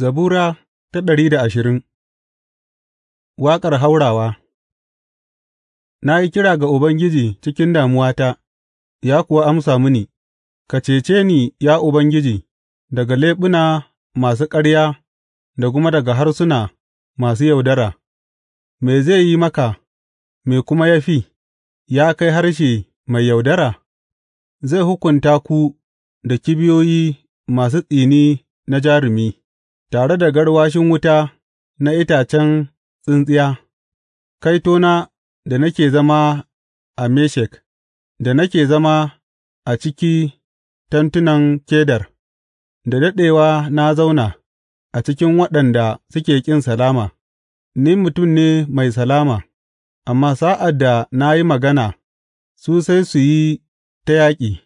Zabura ta ɗari da ashirin Waƙar haurawa Na yi kira ga Ubangiji cikin damuwata, ya kuwa amsa mini, Ka cece ni, ya Ubangiji, daga leɓuna masu ƙarya da kuma daga harsuna masu yaudara, me zai yi maka, me kuma ya fi, ya kai harshe mai yaudara, zai hukunta ku da kibiyoyi masu tsini na jarumi. tare da garwashin wuta na itacen tsintsiya, kaitona da nake zama a Meshek, da nake zama a ciki tentunan Kedar, da daɗewa na zauna a cikin waɗanda suke ƙin salama, ni mutum ne mai salama, amma sa'ad da na yi magana, su sai su yi ta yaƙi.